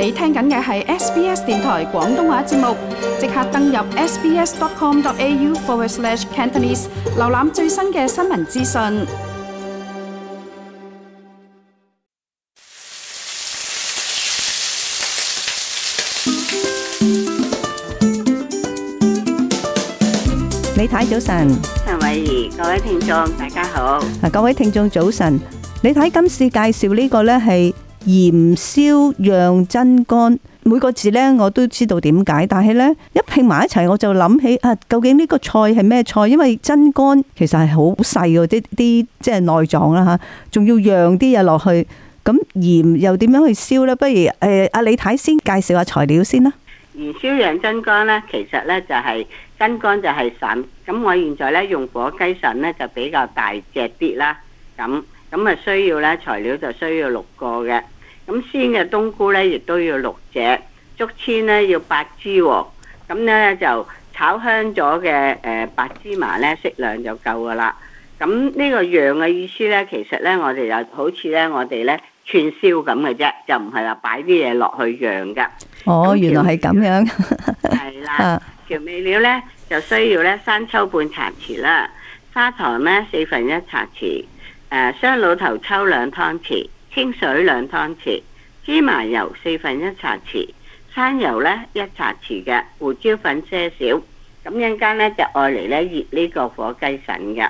你聽緊嘅係 SBS 電台廣東話節目，即刻登入 sbs.com.au/cantonese 瀏覽最新嘅新聞資訊。李太早晨，陳偉儀，各位聽眾大家好。嗱，各位聽眾早晨。李太今次介紹呢個呢係。鹽燒釀真肝，每個字呢，我都知道點解，但係呢，一拼埋一齊，我就諗起啊，究竟呢個菜係咩菜？因為真肝其實係好細嘅啲啲，即係內臟啦吓，仲、啊、要釀啲嘢落去，咁、啊、鹽又點樣去燒呢？不如誒，阿、呃、李太先介紹下材料先啦。鹽燒釀真肝呢，其實呢就係、是、真肝就係腎，咁我現在呢，用火雞腎呢就比較大隻啲啦，咁咁啊需要呢材料就需要六個嘅。咁鮮嘅冬菇咧，亦都要六隻；竹籤咧要八支喎。咁咧就炒香咗嘅誒白芝麻咧，適量就夠噶啦。咁呢個釀嘅意思咧，其實咧我哋就好似咧我哋咧串燒咁嘅啫，就唔係話擺啲嘢落去釀噶。哦，條原來係咁樣。係 啦，調味料咧就需要咧生抽半茶匙啦，砂糖咧四分一茶匙，誒、啊、雙老頭抽兩湯匙。清水兩湯匙，芝麻油四分一茶匙，生油咧一茶匙嘅，胡椒粉些少。咁一陣間咧就愛嚟，咧熱呢個火雞腎嘅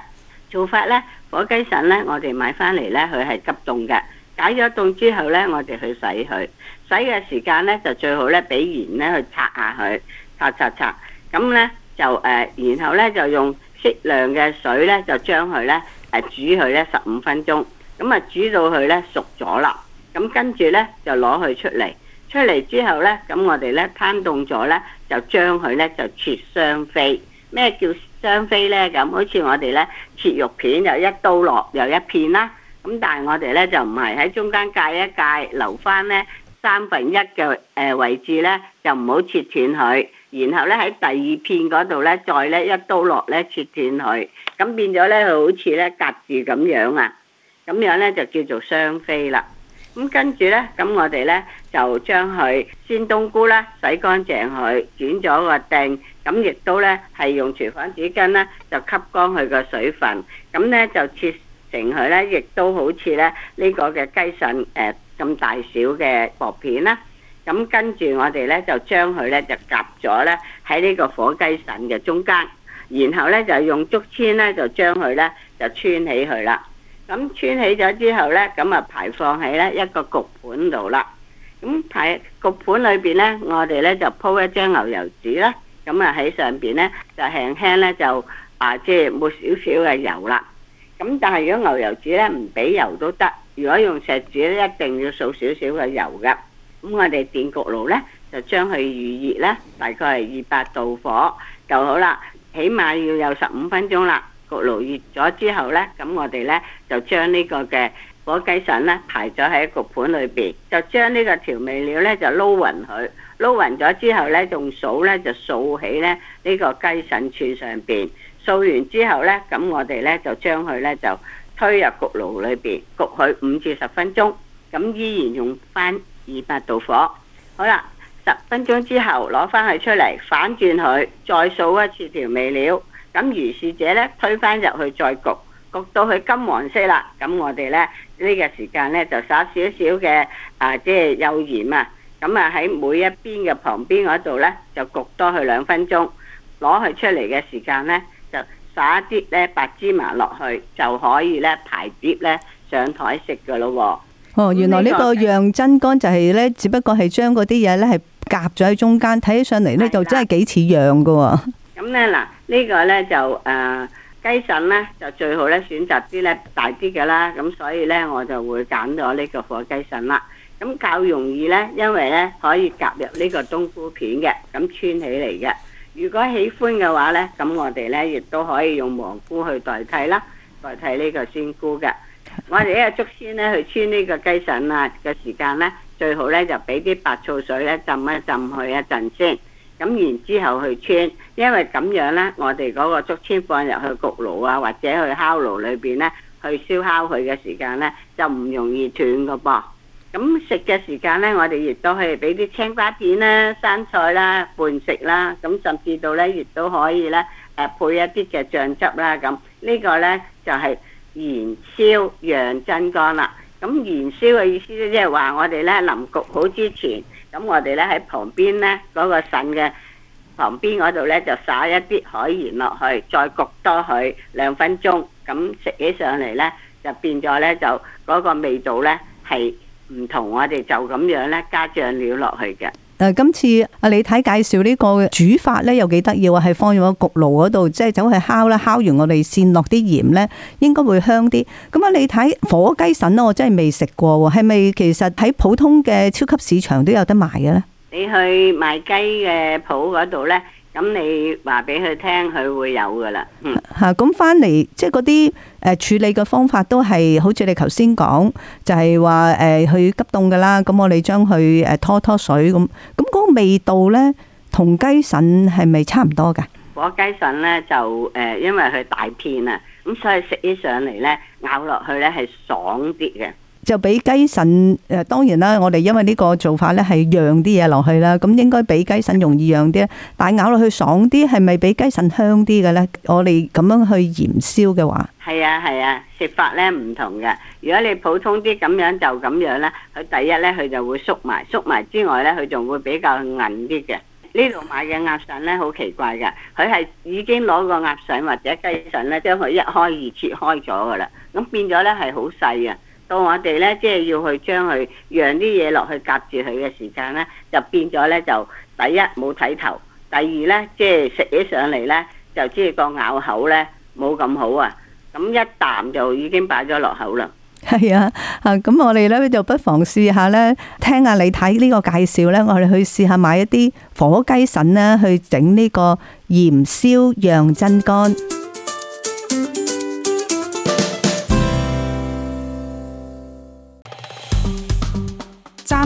做法咧，火雞腎咧我哋買翻嚟咧佢係急凍嘅，解咗凍之後咧我哋去洗佢，洗嘅時間咧就最好咧俾鹽咧去擦下佢，擦擦擦咁咧就誒、呃、然後咧就用適量嘅水咧就將佢咧誒煮佢咧十五分鐘。咁啊煮到佢呢熟咗啦，咁跟住呢就攞佢出嚟，出嚟之後呢，咁我哋呢攤凍咗呢，就將佢呢就切雙飛。咩叫雙飛呢？咁好似我哋呢切肉片就一刀落又一片啦。咁但係我哋呢就唔係喺中間界一界留翻呢三分一嘅誒位置呢，就唔好切斷佢。然後呢喺第二片嗰度呢，再呢一刀落呢切斷佢，咁變咗呢，佢好似呢夾住咁樣啊！咁樣咧就叫做雙飛啦。咁跟住咧，咁我哋咧就將佢鮮冬菇咧，洗乾淨佢，剪咗個釘。咁亦都咧係用廚房紙巾咧就吸乾佢個水分。咁咧就切成佢咧，亦都好似咧呢個嘅雞腎誒咁大小嘅薄片啦。咁跟住我哋咧就將佢咧就夾咗咧喺呢個火雞腎嘅中間，然後咧就用竹籤咧就將佢咧就穿起佢啦。咁穿起咗之後呢，咁啊排放喺呢一個焗盤度啦。咁排焗盤裏邊呢，我哋呢就鋪一張牛油紙啦。咁啊喺上邊呢，就輕輕呢，就，輕輕呢就啊即係抹少少嘅油啦。咁但係如果牛油紙呢唔俾油都得。如果用錫紙呢，一定要掃少少嘅油嘅。咁我哋電焗爐呢，就將佢預熱呢，大概係二百度火就好啦。起碼要有十五分鐘啦。焗爐熱咗之後呢，咁我哋呢就將呢個嘅火雞腎呢排咗喺焗盤裏邊，就將呢個調味料呢就撈匀佢，撈匀咗之後呢，用掃呢就掃起呢呢個雞腎串上邊，掃完之後呢，咁我哋呢就將佢呢就推入焗爐裏邊焗佢五至十分鐘，咁依然用翻二百度火。好啦，十分鐘之後攞翻佢出嚟，反轉佢，再掃一次調味料。咁如是者咧，推翻入去再焗，焗到佢金黃色啦。咁我哋咧呢個時間咧就撒少少嘅啊，即係幼鹽啊。咁啊喺每一邊嘅旁邊嗰度咧，就焗多佢兩分鐘。攞佢出嚟嘅時間咧，就撒啲咧白芝麻落去，就可以咧排碟咧上台食噶咯。哦，原來呢個樣真干就係咧，只不過係將嗰啲嘢咧係夾咗喺中間，睇起上嚟咧就真係幾似樣噶。咁咧嗱。呢個呢，就誒、呃、雞腎呢，就最好呢選擇啲呢大啲嘅啦，咁所以呢，我就會揀咗呢個火雞腎啦。咁較容易呢，因為呢可以夾入呢個冬菇片嘅，咁穿起嚟嘅。如果喜歡嘅話呢，咁我哋呢亦都可以用蘑菇去代替啦，代替呢個鮮菇嘅。我哋一個竹籤呢去穿呢個雞腎啊嘅時間呢，最好呢就俾啲白醋水呢浸一浸佢一陣先。咁然之後去穿，因為咁樣呢，我哋嗰個竹籤放入去焗爐啊，或者去烤爐裏邊呢，去燒烤佢嘅時間呢，就唔容易斷嘅噃。咁食嘅時間呢，我哋亦都可以俾啲青瓜片啦、生菜啦、拌食啦。咁、嗯、甚至到呢，亦都可以呢誒配一啲嘅醬汁啦。咁、嗯、呢、這個呢，就係、是、鹽燒羊真幹啦。咁、嗯、鹽燒嘅意思呢，即係話我哋呢，臨焗好之前。咁我哋咧喺旁邊呢嗰個腎嘅旁邊嗰度呢，就撒一啲海鹽落去，再焗多佢兩分鐘。咁食起上嚟呢，就變咗呢，就嗰個味道呢，係唔同。我哋就咁樣呢，加醬料落去嘅。誒，今次阿你睇，介紹呢個煮法呢，又幾得意啊！喺放咗焗爐嗰度，即係走去烤啦，烤完我哋先落啲鹽呢，應該會香啲。咁啊，你睇火雞腎咯，我真係未食過喎，係咪其實喺普通嘅超級市場都有得賣嘅呢？你去賣雞嘅鋪嗰度呢。咁你話俾佢聽，佢會有噶啦。嗯，吓咁翻嚟，即係嗰啲誒處理嘅方法都係，好似你頭先講，就係話誒佢急凍噶啦。咁我哋將佢誒拖拖水咁，咁嗰個味道咧，同雞腎係咪差唔多噶？嗰雞腎咧就誒，因為佢大片啊，咁所以食起上嚟咧咬落去咧係爽啲嘅。就俾雞腎誒，當然啦，我哋因為呢個做法呢係釀啲嘢落去啦，咁應該比雞腎容易釀啲，但咬落去爽啲，係咪比雞腎香啲嘅呢？我哋咁樣去燃燒嘅話，係啊係啊，食法呢唔同嘅。如果你普通啲咁樣就咁樣呢，佢第一呢，佢就會縮埋縮埋之外呢，佢仲會比較韌啲嘅。呢度買嘅鴨腎呢，好奇怪嘅，佢係已經攞個鴨腎或者雞腎呢，將佢一開二切開咗噶啦，咁變咗呢，係好細啊！到我哋呢，即係要去將佢讓啲嘢落去夾住佢嘅時間呢，就變咗呢，就第一冇睇頭，第二呢，即係食起上嚟呢，就即係個咬口呢冇咁好啊！咁一啖就已經擺咗落口啦。係啊，啊咁我哋呢就不妨試下呢，聽下你睇呢個介紹呢，我哋去試下買一啲火雞腎啦，去整呢個鹽燒釀真肝。